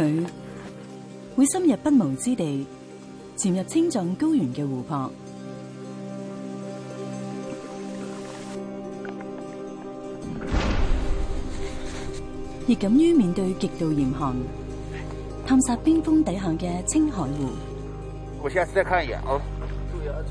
佢會深入不毛之地，潛入青藏高原嘅湖泊，亦敢於面對極度嚴寒，探索冰封底下嘅青海湖。我下次再看一眼啊，哦！注意安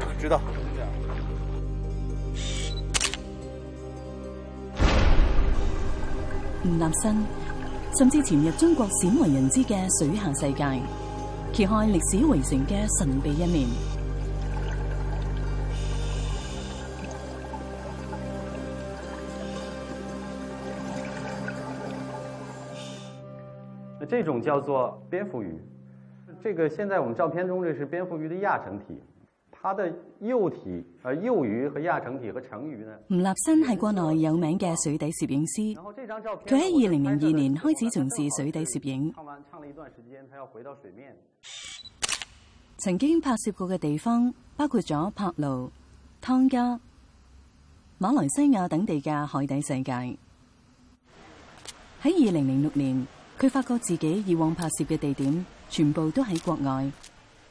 全，知道。吳立新。甚至潛入中國鮮為人知嘅水下世界，揭開歷史圍城嘅神秘一面。那這種叫做蝙蝠魚，這個現在我們照片中這是蝙蝠魚的亞成體。他的幼體、啊幼魚和亞成體和成魚呢？吳立新係國內有名嘅水底攝影師，然後這張照片，佢喺二零零二年開始從事水底攝影。唱完唱了一段時間，他要回到水面。曾經拍攝過嘅地方包括咗柏勞、湯加、馬來西亞等地嘅海底世界。喺二零零六年，佢發覺自己以往拍攝嘅地點全部都喺國外。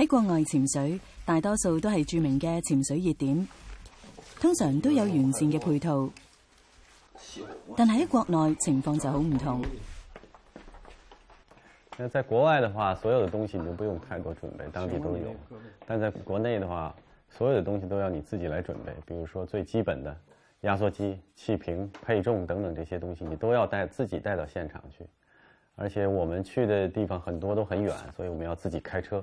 喺國外潛水，大多數都係著名嘅潛水熱點，通常都有完善嘅配套。但喺國內情況就好唔同。那在國外的話，所有的東西你就不用太多準備，當地都有。但在國內的話，所有的東西都要你自己來準備。比如說最基本的壓縮機、氣瓶、配重等等這些東西，你都要帶，自己帶到現場去。而且我們去的地方很多都很遠，所以我們要自己開車。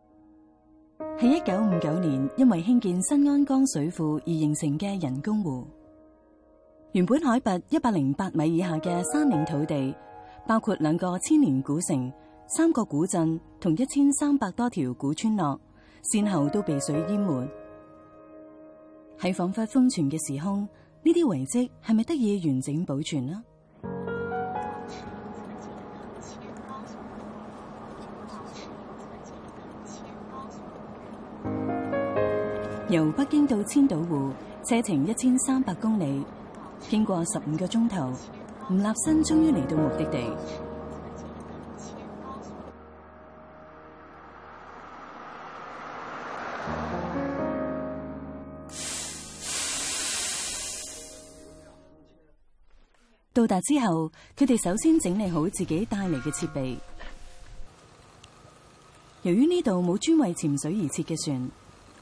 係一九五九年，因為興建新安江水庫而形成嘅人工湖。原本海拔一百零八米以下嘅山嶺土地，包括兩個千年古城、三個古鎮同一千三百多條古村落，先後都被水淹沒。喺仿佛封存嘅時空，呢啲遺迹係咪得以完整保存呢？由北京到千島湖，車程一千三百公里，經過十五個鐘頭，吳立新終於嚟到目的地。到達之後，佢哋首先整理好自己帶嚟嘅設備。由於呢度冇專為潛水而設嘅船。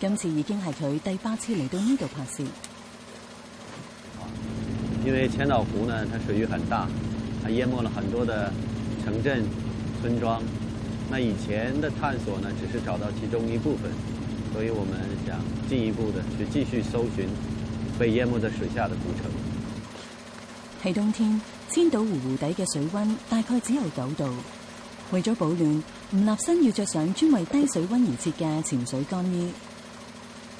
今次已經係佢第八次嚟到呢度拍攝。因為千島湖呢，它水域很大，它淹沒了很多的城鎮、村莊。那以前的探索呢，只是找到其中一部分，所以我們想進一步的去繼續搜尋被淹沒在水下的古城。喺冬天，千島湖湖底嘅水溫大概只有九度。為咗保暖，吳立新要着上專為低水溫而設嘅潛水乾衣。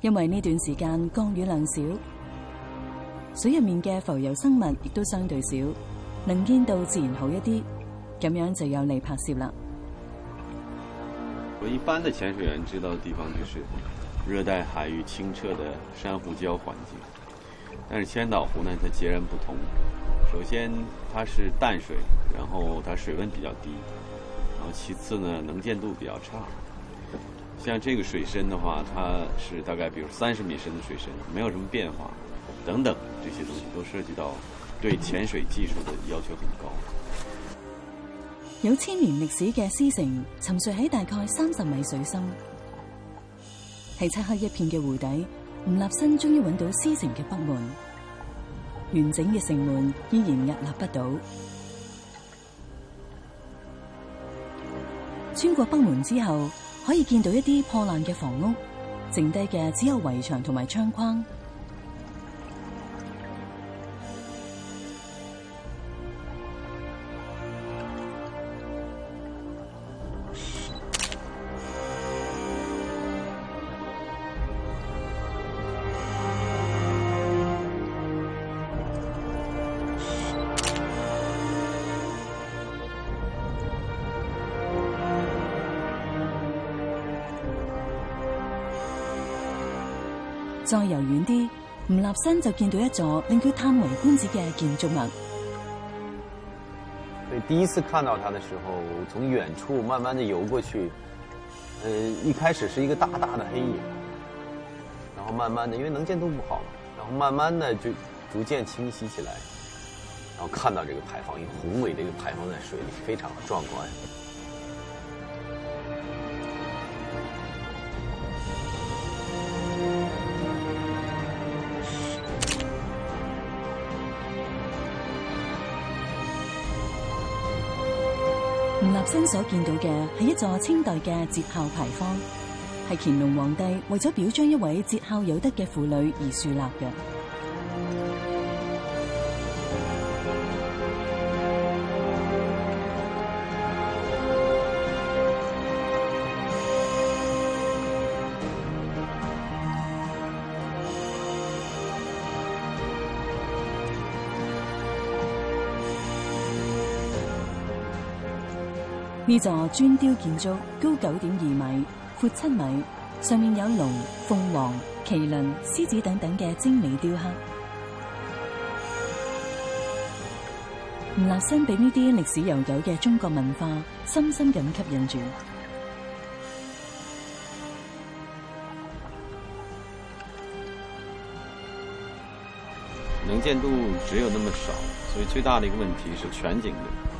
因為呢段時間降雨量少，水入面嘅浮游生物亦都相對少，能見度自然好一啲，咁樣就有利拍攝啦。我一般的潛水員知道的地方就是熱帶海域清澈的珊瑚礁環境，但是千島湖呢，它截然不同。首先，它是淡水，然後它水溫比較低，然後其次呢，能見度比較差。像這個水深的話，它是大概，比如三十米深的水深，沒有什麼變化，等等這些東西都涉及到對潛水技術的要求很高。有千年歷史嘅獅城沉睡喺大概三十米水深，喺漆黑一片嘅湖底。吳立新終於揾到獅城嘅北門，完整嘅城門依然屹立不倒。穿過北門之後，可以見到一啲破爛嘅房屋，剩低嘅只有圍牆同埋窗框。再游遠啲，吳立新就見到一座令佢嘆為觀止嘅建築物。所以第一次看到它的時候，從遠處慢慢的游過去，呃，一開始是一個大大的黑影，然後慢慢的，因為能見度不好，然後慢慢的就逐漸清晰起來，然後看到這個牌坊，一個宏偉的一個牌坊在水裏，非常的壯觀。所見到嘅係一座清代嘅節孝牌坊，係乾隆皇帝為咗表彰一位節孝有德嘅婦女而樹立嘅。呢座磚雕建築高九點二米，闊七米，上面有龍、鳳凰、麒麟、獅子等等嘅精美雕刻。吳立新畀呢啲歷史悠久嘅中國文化深深咁吸引住。能見度只有那麼少，所以最大的一個問題是全景嘅。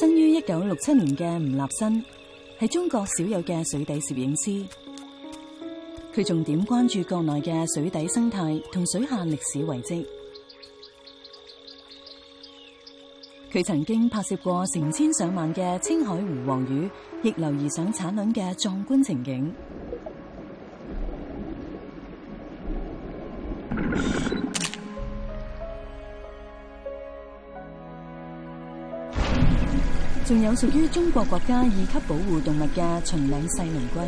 生於一九六七年嘅吳立新，係中國少有嘅水底攝影師。佢重點關注國內嘅水底生態同水下歷史遺跡。佢曾經拍攝過成千上萬嘅青海湖湟魚逆流而上產卵嘅壯觀情景。仲有屬於中國國家二級保護動物嘅秦嶺細鱗龜，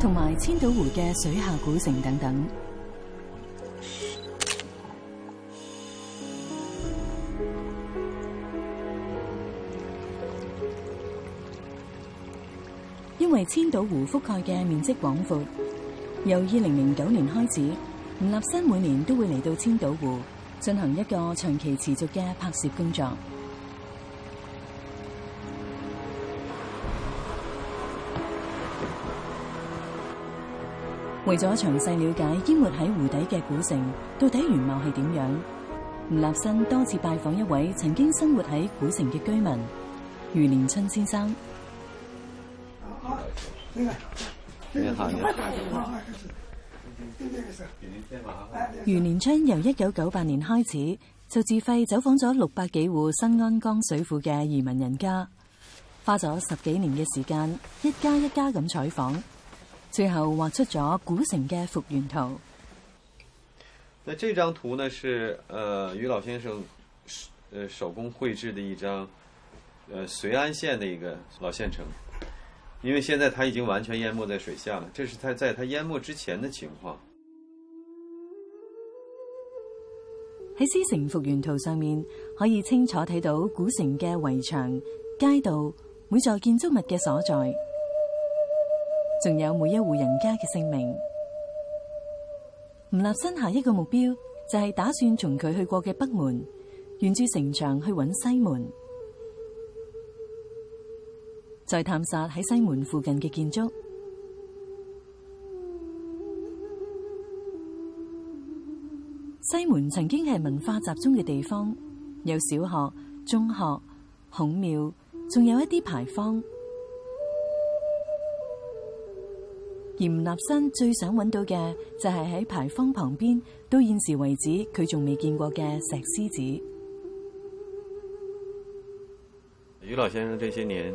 同埋千島湖嘅水下古城等等。因為千島湖覆蓋嘅面積廣闊。由二零零九年開始，吳立新每年都會嚟到千島湖進行一個長期持續嘅拍攝工作。為咗詳細了解淹沒喺湖底嘅古城到底原貌係點樣，吳立新多次拜訪一位曾經生活喺古城嘅居民余年春先生。餘年春由一九九八年開始就自費走訪咗六百幾戶新安江水庫嘅移民人家，花咗十幾年嘅時間，一家一家咁採訪，最後畫出咗古城嘅復原圖。那這張圖呢，是呃余老先生，呃手工繪製的一張，呃遂安縣的一個老縣城。因為現在他已經完全淹沒在水下了，這是它在他淹沒之前的情況。喺獅城復原圖上面，可以清楚睇到古城嘅圍牆、街道、每座建築物嘅所在，仲有每一戶人家嘅姓名。吳立新下一個目標就係、是、打算從佢去過嘅北門，沿住城牆去搵西門。再探索喺西門附近嘅建築，西門曾經係文化集中嘅地方，有小學、中學、孔廟，仲有一啲牌坊。吳立新最想揾到嘅就係喺牌坊旁邊，到現時為止佢仲未見過嘅石獅子。余老先生這些年，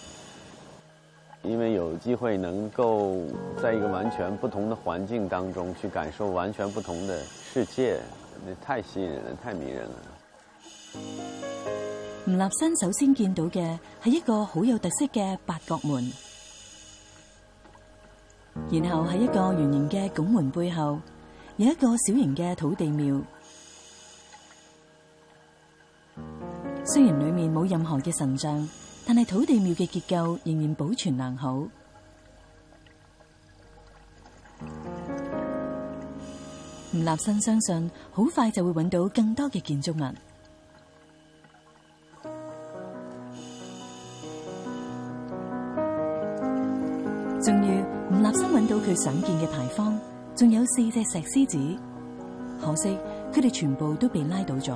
因為有機會能夠在一個完全不同的環境當中去感受完全不同的世界，那太吸引人了，太迷人了。吳立新首先見到嘅係一個好有特色嘅八角門，然後係一個圓形嘅拱門背後，有一個小型嘅土地廟，雖然裏面冇任何嘅神像。但係土地廟嘅結構仍然保存良好。吳立新相信，好快就會揾到更多嘅建築物。終於，吳立新揾到佢想見嘅牌坊，仲有四隻石獅子。可惜，佢哋全部都被拉倒咗。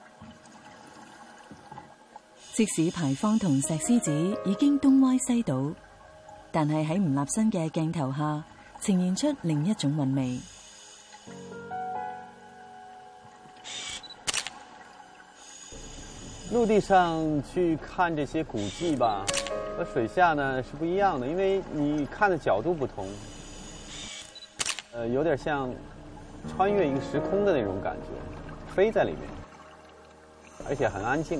即使牌坊同石獅子已經東歪西倒，但係喺吳立新嘅鏡頭下，呈現出另一種韻味。陸地上去看這些古跡吧，和水下呢是不一樣的，因為你看的角度不同。呃，有點像穿越一個時空的那種感覺，飛在裏面，而且很安靜。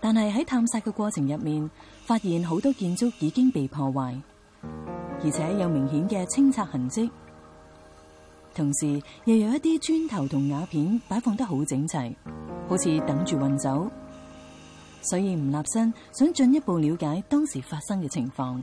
但係喺探索嘅過程入面，發現好多建築已經被破壞，而且有明顯嘅清拆痕跡。同時，又有一啲磚頭同瓦片擺放得好整齊，好似等住運走。所以吳立新想進一步了解當時發生嘅情況。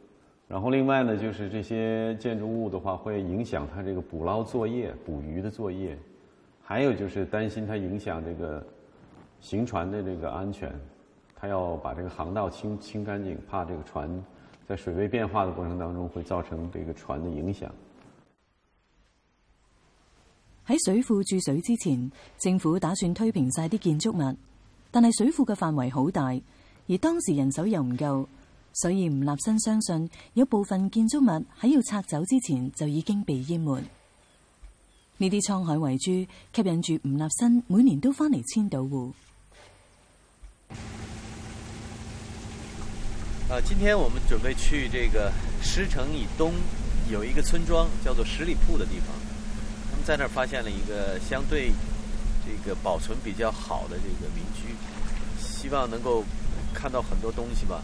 然後，另外呢，就是這些建築物的話，會影響它這個捕撈作業、捕魚的作業，還有就是擔心它影響這個行船的這個安全，它要把這個航道清清乾淨，怕這個船在水位變化的過程當中會造成這個船的影響。喺水庫注水之前，政府打算推平晒啲建築物，但係水庫嘅範圍好大，而當時人手又唔夠。所以吳立新相信有部分建築物喺要拆走之前就已經被淹沒。呢啲滄海遺珠吸引住吳立新，每年都翻嚟千島湖。今天我們準備去這個獅城以東有一個村莊，叫做十里鋪的地方。那麼在那兒發現了一個相對這個保存比較好的這個民居，希望能夠看到很多東西吧。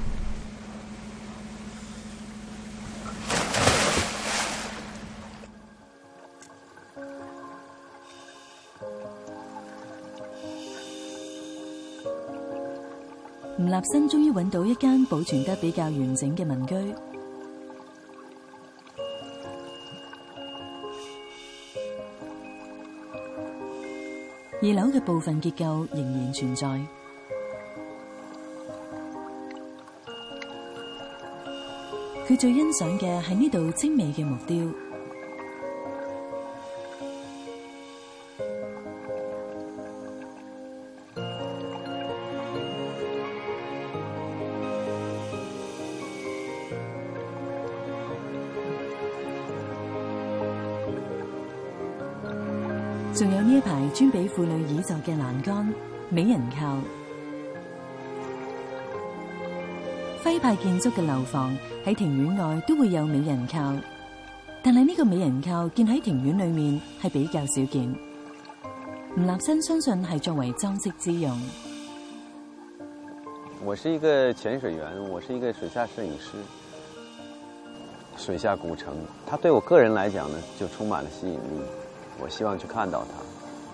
立新終於揾到一間保存得比較完整嘅民居，二樓嘅部分結構仍然存在。佢最欣賞嘅係呢度精美嘅木雕。呢排專俾婦女倚坐嘅欄杆，美人靠。徽派建築嘅樓房喺庭院外都會有美人靠，但係呢個美人靠建喺庭院裏面係比較少見。吳立新相信係作為裝飾之用。我是一個潛水員，我是一個水下攝影師。水下古城，它對我個人來講呢，就充滿了吸引力。我希望去看到它。